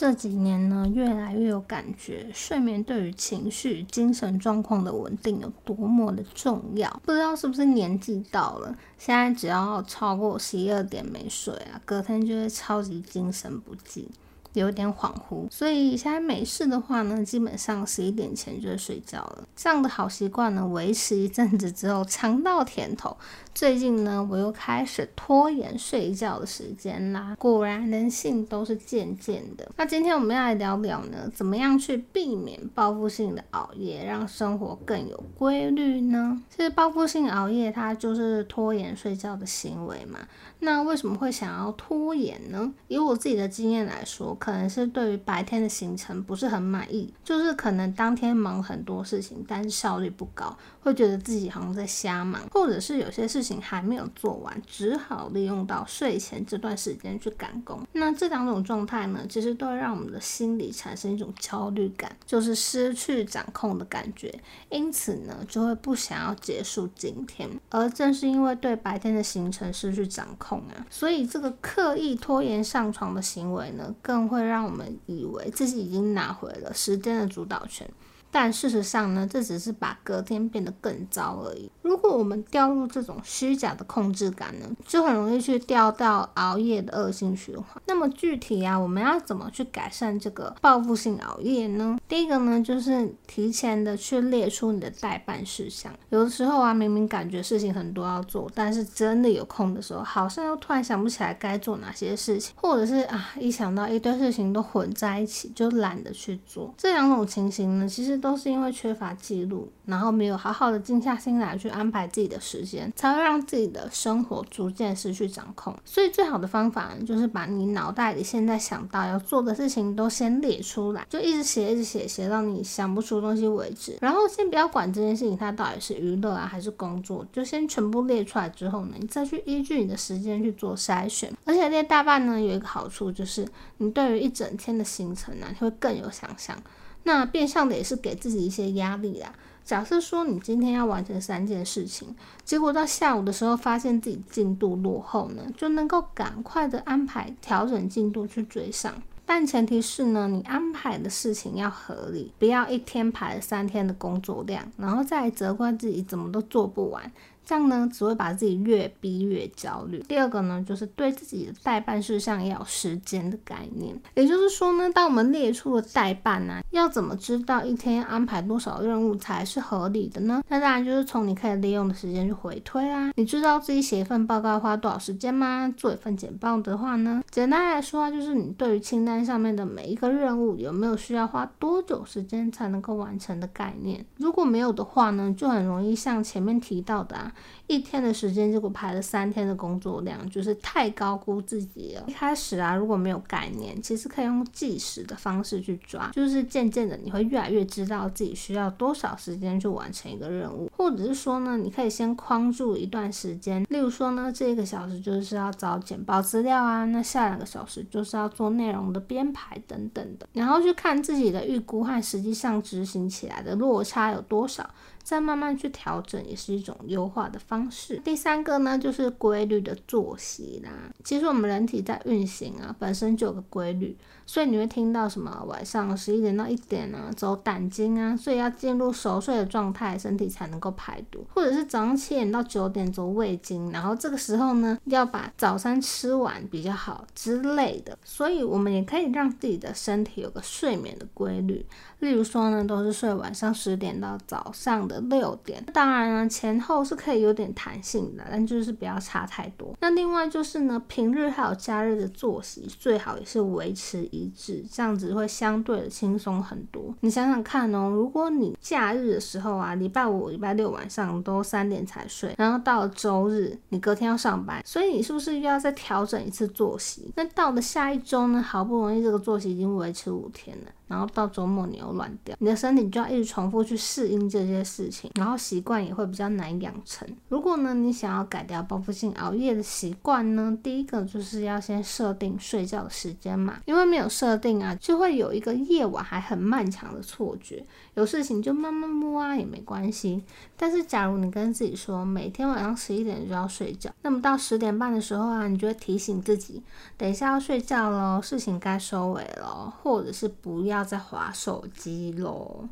這幾年呢，越來越有感覺，睡眠對於情緒、精神狀況的穩定有多麼的重要。不知道是不是年紀到了，現在只要超過十一二點沒睡啊，隔天就會超級精神不濟。有點恍惚，所以現在沒事的話呢，基本上十一點前就會睡覺了。這樣的好習慣呢，維持一陣子之後嘗到甜頭。最近呢，我又開始拖延睡覺的時間啦。果然人性都是漸漸的。那今天我們要來聊聊呢，怎麼樣去避免報復性的熬夜，讓生活更有規律呢？其實報復性熬夜它就是拖延睡覺的行為嘛。那為什麼會想要拖延呢？以我自己的經驗來說。可能是對於白天的行程不是很滿意，就是可能當天忙很多事情，但是效率不高，會覺得自己好像在瞎忙，或者是有些事情還沒有做完，只好利用到睡前這段時間去趕工。那這兩種狀態呢，其實都會讓我們的心裡產生一種焦慮感，就是失去掌控的感覺，因此呢，就會不想要結束今天。而正是因為對白天的行程失去掌控啊，所以這個刻意拖延上床的行為呢，更。會讓我們以為自己已經拿回了時間的主導權。但事實上呢，這只是把隔天變得更糟而已。如果我們掉入這種虛假的控制感呢，就很容易去掉到熬夜的惡性循環。那麼具體啊，我們要怎麼去改善這個報復性熬夜呢？第一個呢，就是提前的去列出你的待辦事項。有的時候啊，明明感覺事情很多要做，但是真的有空的時候，好像又突然想不起來該做哪些事情，或者是啊，一想到一堆事情都混在一起，就懶得去做。這兩種情形呢，其實。都是因為缺乏記錄，然後沒有好好的靜下心來去安排自己的時間，才會讓自己的生活逐漸失去掌控。所以最好的方法就是把你腦袋裡現在想到要做的事情都先列出來，就一直寫，一直寫，寫到你想不出東西為止。然後先不要管這件事情它到底是娛樂啊還是工作，就先全部列出來之後呢，你再去依據你的時間去做篩選。而且列待辦呢，有一個好處就是你對於一整天的行程呢，啊，你會更有想象。那變相的也是給自己一些壓力啦。假設說你今天要完成三件事情，結果到下午的時候發現自己進度落後呢，就能夠趕快的安排調整進度去追上。但前提是呢，你安排的事情要合理，不要一天排了三天的工作量，然後再責怪自己怎麼都做不完。這樣呢，只會把自己越逼越焦慮。第二個呢，就是對自己的待辦事項要有時間的概念。也就是說呢，當我們列出了待辦啊，要怎麼知道一天安排多少任務才是合理的呢？那當然就是從你可以利用的時間去回推啊。你知道自己寫一份報告花多少時間嗎？做一份簡報的話呢，簡單來說啊，就是你對於清單上面的每一個任務，有沒有需要花多久時間才能夠完成的概念？如果沒有的話呢，就很容易像前面提到的啊。一天的時間，結果排了三天的工作量，就是太高估自己了。一開始啊，如果沒有概念，其實可以用計時的方式去抓，就是漸漸的你會越來越知道自己需要多少時間去完成一個任務，或者是說呢，你可以先框住一段時間，例如說呢，這一個小時就是要找簡報資料啊，那下兩個小時就是要做內容的編排等等的，然後去看自己的預估和實際上執行起來的落差有多少，再慢慢去調整，也是一種優化的方式，第三個呢，就是規律的作息啦。其實我們人體在運行啊，本身就有個規律，所以你會聽到什麼晚上十一點到一點啊，走膽經啊，所以要進入熟睡的狀態，身體才能夠排毒，或者是早上七點到九點走胃經，然後這個時候呢，要把早餐吃完比較好之類的。所以我們也可以讓自己的身體有個睡眠的規律，例如說呢，都是睡晚上十點到早上的六點，當然了，前後是可以。會有點彈性的，但就是不要差太多。那另外就是呢，平日還有假日的作息最好也是維持一致，這樣子會相對的輕鬆很多。你想想看哦，如果你假日的時候啊，禮拜五、禮拜六晚上都三點才睡，然後到了周日，你隔天要上班，所以你是不是又要再調整一次作息？那到了下一周呢，好不容易這個作息已經維持五天了，然後到周末你又亂掉，你的身體就要一直重複去適應這些事情，然後習慣也會比較難養成。如果呢，你想要改掉報復性熬夜的習慣呢，第一個就是要先設定睡覺的時間嘛，因為沒有設定啊，就會有一個夜晚還很漫長的錯覺。有事情就慢慢摸啊，也沒關係。但是假如你跟自己說，每天晚上十一點就要睡覺，那麼到十點半的時候啊，你就會提醒自己，等一下要睡覺嘍，事情該收尾咯，或者是不要再滑手機嘍。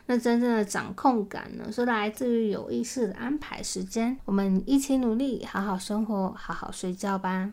那真正的掌控感呢，是來自於有意識的安排時間。我們一起努力，好好生活，好好睡覺吧。